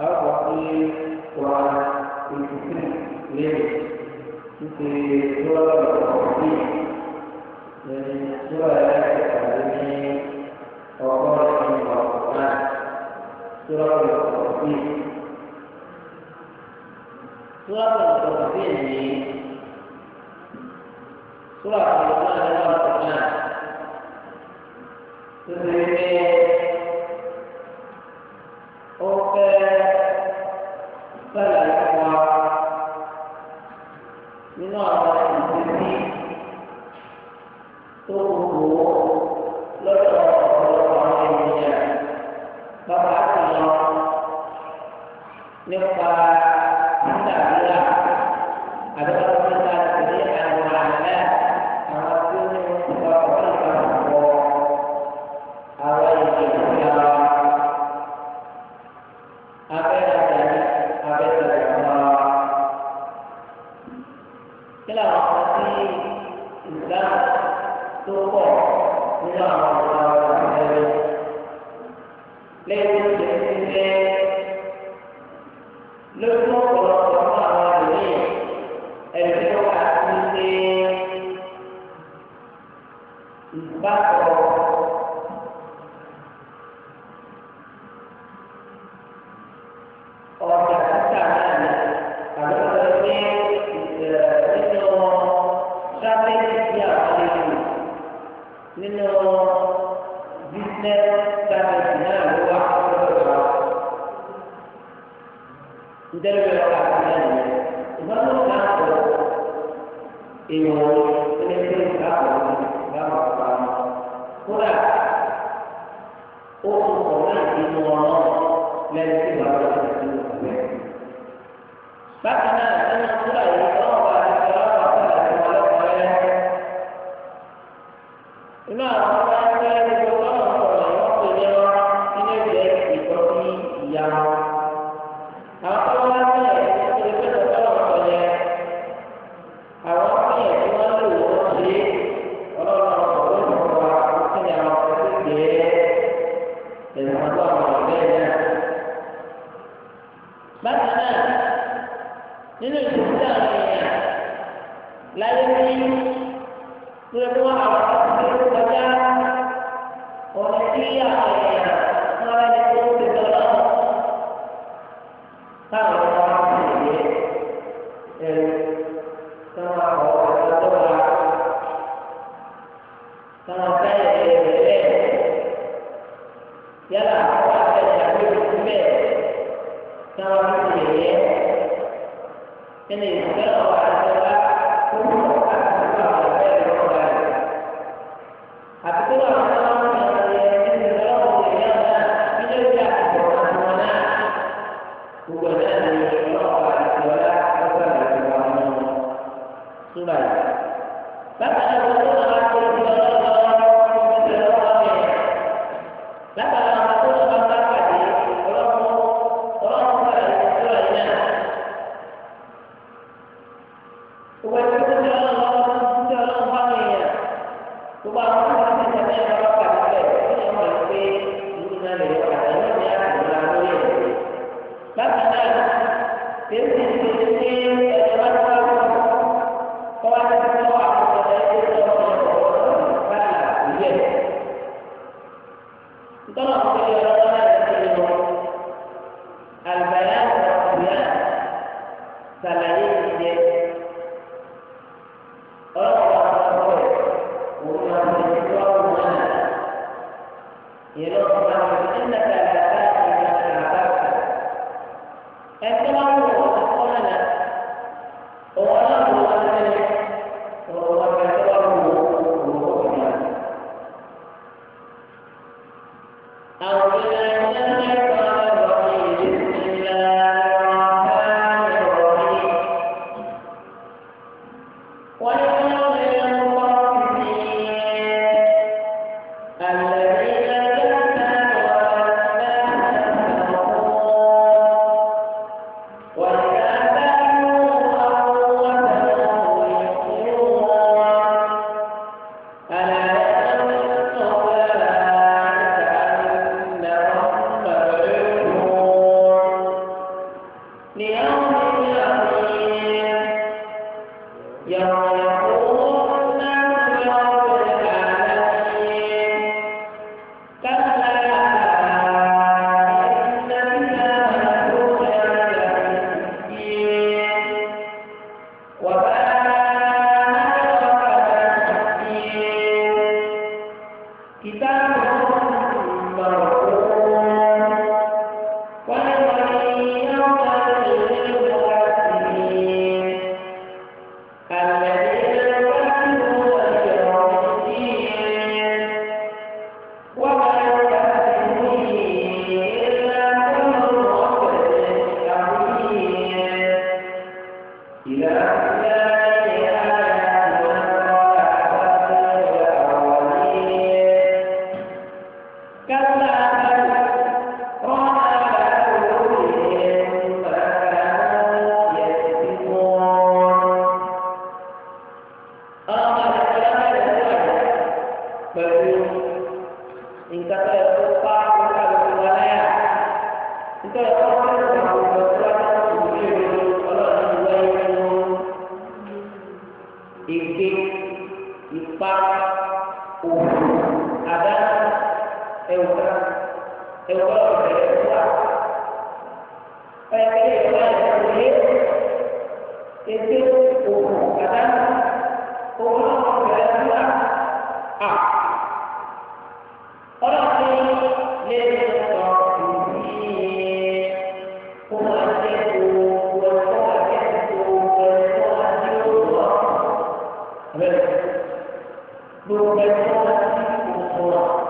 àwọn pé wà ètùtù lẹ́yìn títí lọ́wọ́ ọ̀gbìn lẹ́yìn lọ́wọ́ ẹ̀ẹ́dẹ́gbẹ̀rún ní ọgọ́rin ọ̀gbọ̀n lọ́wọ́ ọ̀gbìn. Lọ́wọ́ ọ̀gbìn ni lọ́wọ́ ọ̀gbìn lọ́wọ́ ọ̀gbìn tó ti ní. lẹ́yìn ìgbésẹ̀ lọ́jọ́ bákan náà Our Lord and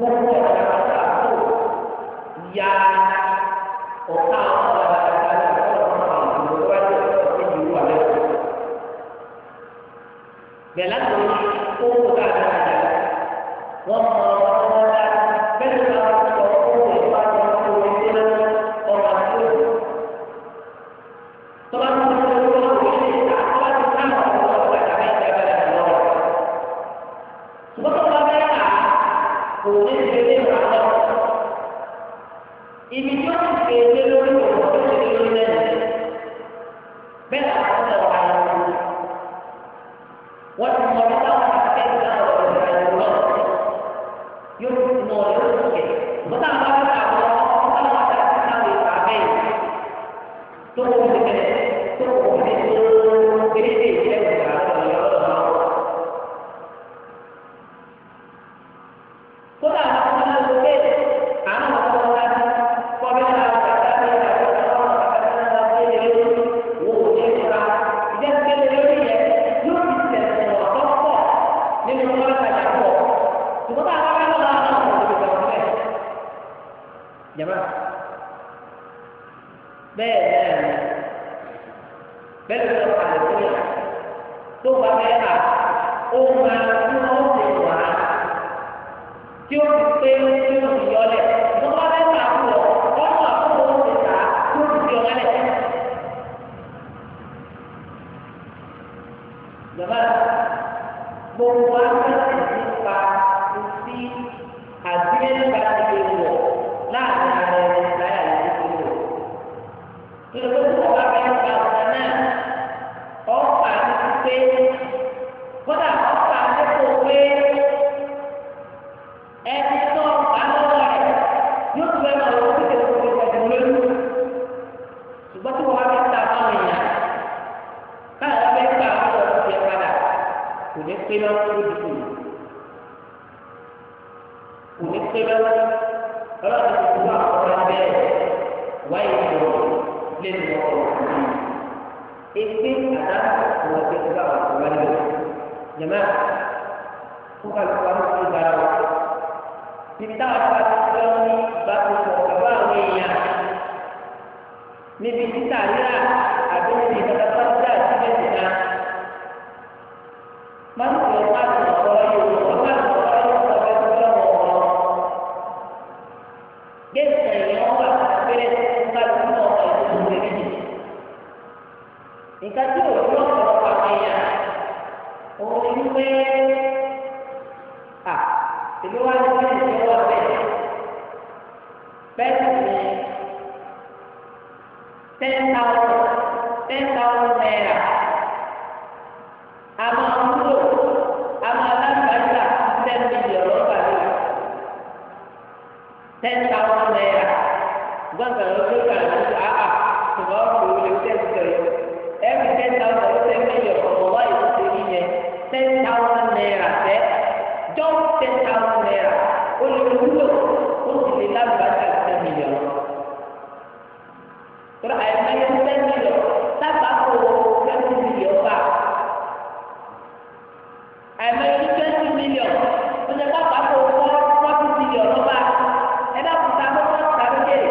gbogbo ọ̀rọ̀ àti àbúrò ìyá ọ̀tá ọ̀rọ̀ àti àbúrò ọ̀rọ̀ àti àbúrò wájú ọ̀rọ̀ ìlú wà lẹ́kọ̀ọ́. lókè. Bọ́tà ń bá bẹ́ẹ̀ gbogbo akẹ́kọ̀ọ́ nípa ti àbílẹ̀ nípa ti lè wọ̀ láàrin ara ẹni láyà lórí pé lọ́wọ́ lójú kò ní pé lọ́wọ́ ọlọ́run ti fún àkọ́kọ́ abẹ́ wáyé ìwọ̀ lẹ́nu ọ̀rọ̀ ètè àdáhà wọn ti fún àkọ́kọ́ wáyé jẹ̀má fún kálukú àwọn ti gbára wa níbi táwọn bá ti fẹ́ ní ìbáṣepọ̀ pẹ̀lú àwọn èèyàn níbi títà náà àbí níbi ìtàkàtà síbẹ̀ sí náà. nǹkan tí òun lọ́pọ̀lọpọ̀ àwọn èèyàn òun ni wípé. ten thousand naira gbọ́n kan ló gbé kan lóṣù àhà ṣùgbọ́n kò lè tẹ̀ sọ yìí ten thousand ó tẹ̀ mílíọ̀ ọ̀pọ̀ wáyé tó ṣe yí yẹn ten thousand naira tẹ́ just ten thousand naira ó lè wúlò ó sì lè ten million. Tọ́lá ten million twenty million bá twenty million ó lè forty million ẹ̀dá kùtà tó kọ́ ọ̀tà lókèrè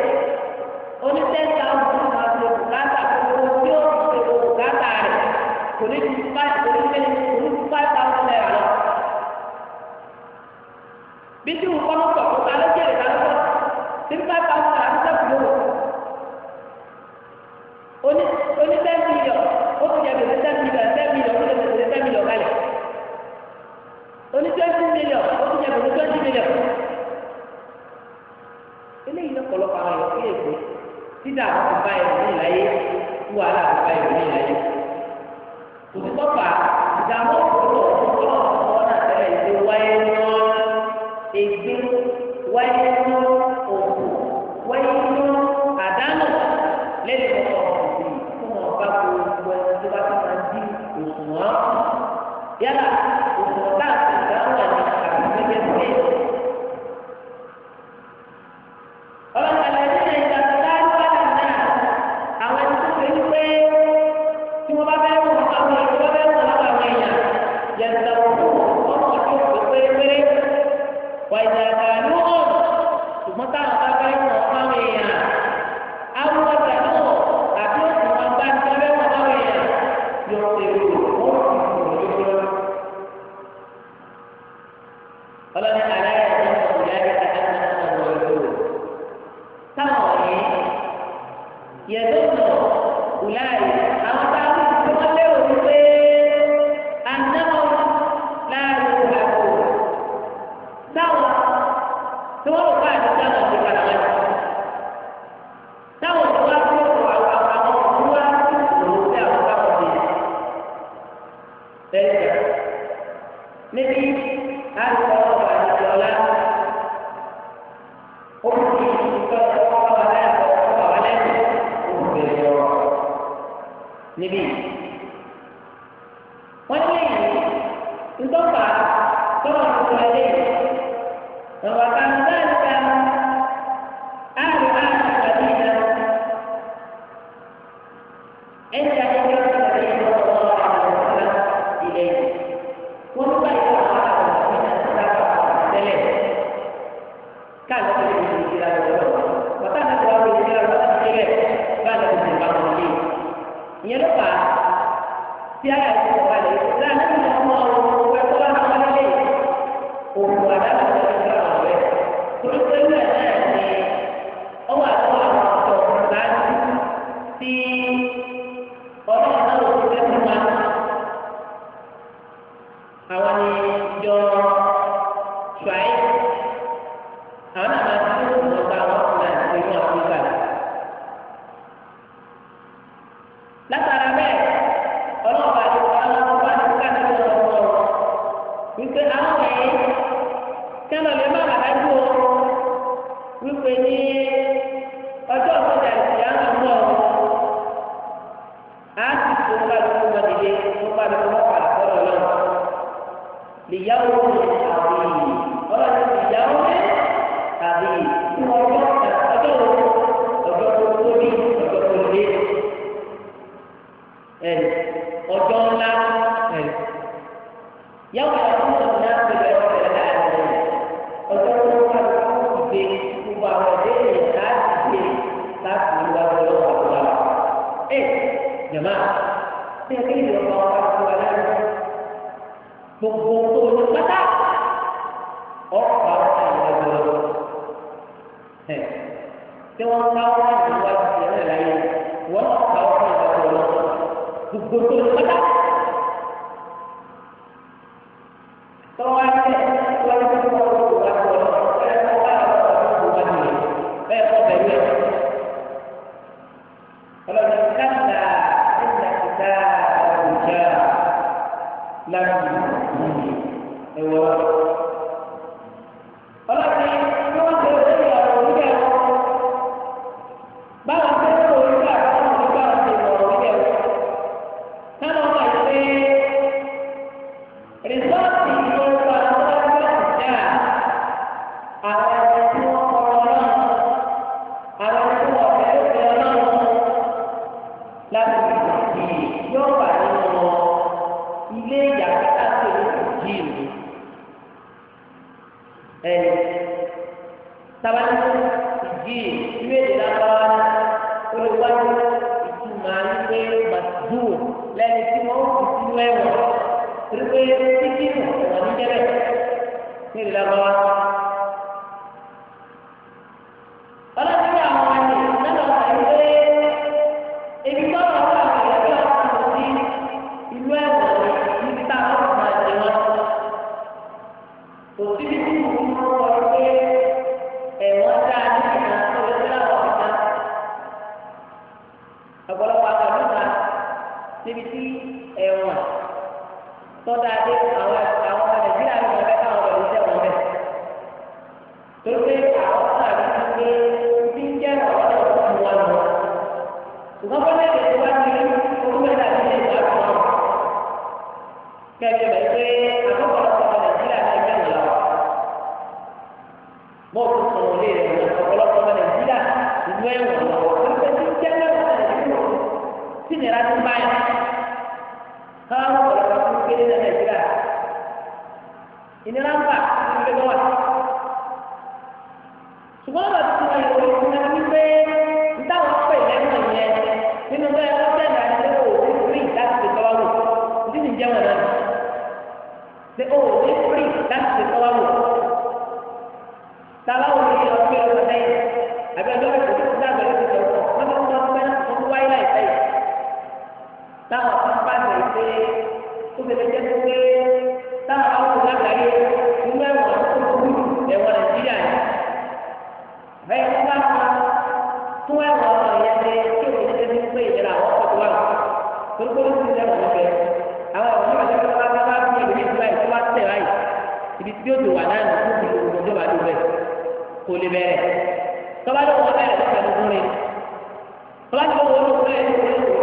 oní ten thousand ma ti o bùkátà kókó tí ó ti o bùkátà rẹ̀ kò ní ju five kò ní ju kò ní ju five thousand naira lọ. bí tí mo kọ́ mọ́tò kó ta lókèrè ta lókèrè tí five thousand naira ti sẹ́kù lówó. wọ́n bá bẹ́ẹ̀ wọ̀ àwọn èèyàn wọ́n bẹ́ẹ̀ wọ̀ láwọn láti ọ̀rọ̀ àti ọ̀la ó fi ìtọ́ ọ̀pọ̀ ọ̀la ọ̀pọ̀ ọ̀la ó bẹ̀rẹ̀ ọ̀rọ̀ níbí. wọ́n ní ìtọ́ka tọ́lá tuntun ẹlẹ́yìn ọ̀rọ̀ àtàlẹ́ yàwó àwọn ọmọ náà bẹ̀rẹ̀ ọ̀rẹ́ láàrin ọjọ́ tó wà lóko ìgbé gbogbo àwọn ẹ̀dẹ́ yẹn láti gbé láti wá lọ́wọ́ àwọn àwọn. ẹ jẹ̀má ṣé ẹ kéde ọba ọba tó wà láàrin gbogbo tó ní pátá ọ̀pá ọ̀pá ìwà lọ́wọ́. pátá. ẹ̀wọ̀ ọlọ́run ni wọ́n ti ìnira ń bà ní ìgbẹ́ lọ́wọ́ kò lè bẹ̀rẹ̀ tọ́ba ló wọ́n bẹ̀rẹ̀ lọ́sẹ̀ lókun rẹ̀ ló wọ́n lókun rẹ̀ lókun rẹ̀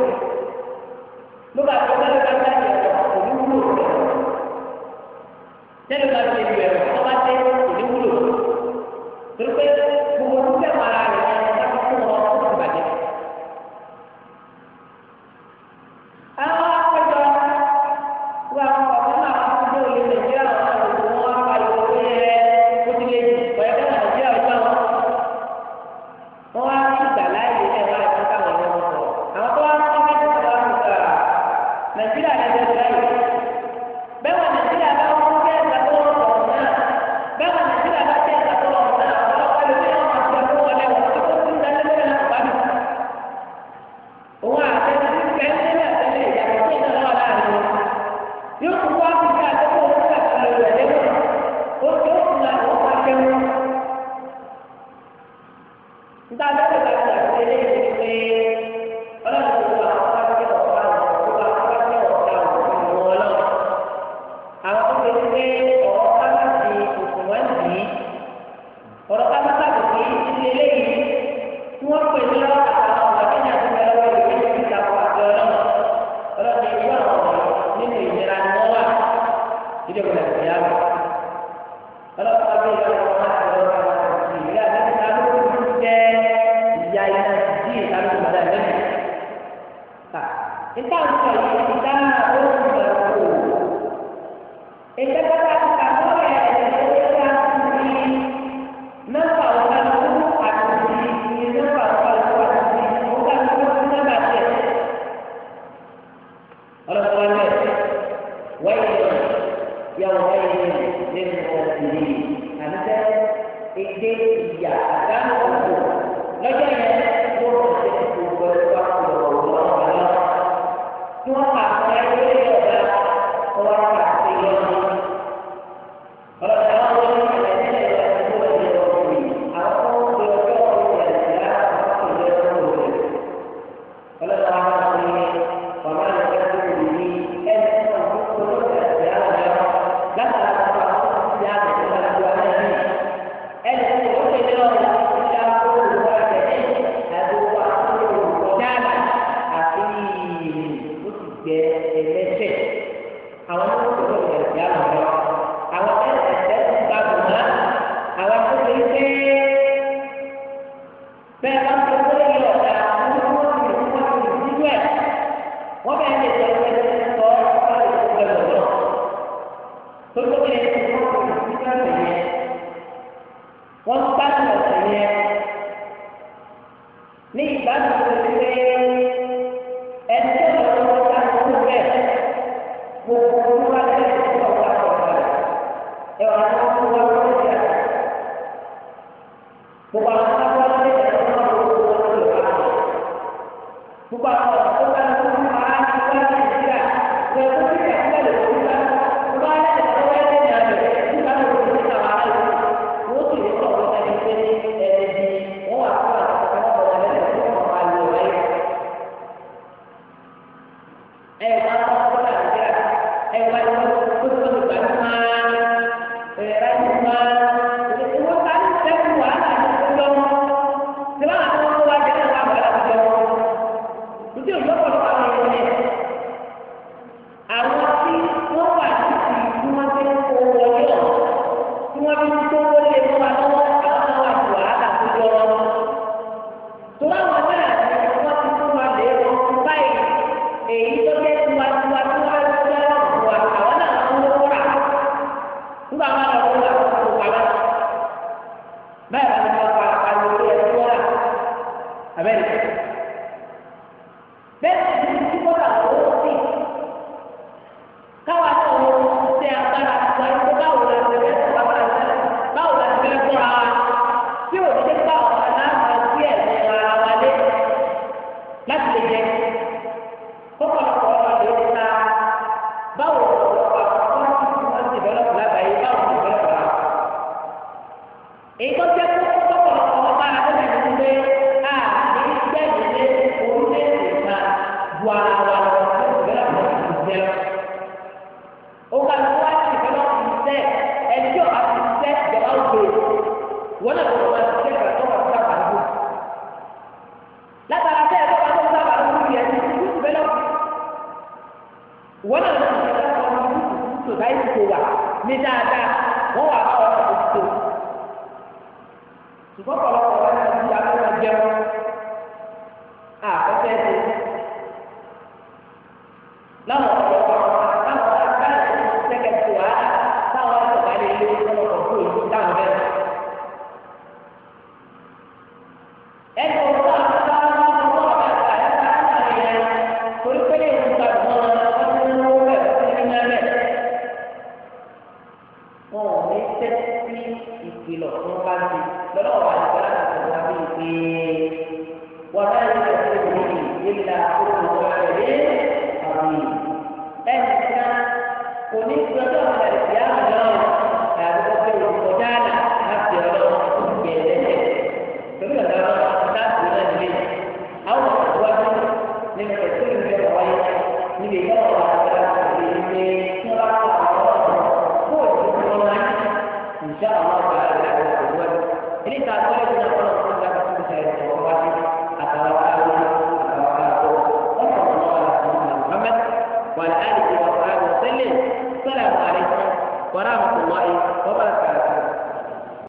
jaya di dalam badannya. Tak. Kita harus tahu kita harus berpuluh. Kita harus tahu ní tẹ́tí sí ìkìlọ̀ tó bá ti lọ́nà wà nípa láti wá bí ìpè wọn náà yóò tẹ̀sí ìwé ìlà òkú ọ̀rẹ́ àbí ẹnì kan kò ní ti ọjọ́ ìgbà ìgbà náà àbí wọ́n fẹ́ olùkọ́ dáàlà láti ọ̀rọ̀ ìgbẹ̀lẹ́lẹ̀ torí ọ̀dọ́ ọ̀rọ̀ láti ọ̀rọ̀ ìgbẹ̀lẹ̀ àwọn ọ̀dọ́ wájú nínú ẹ̀sìn ìgbẹ̀lẹ̀ wáyé níbi ìgbà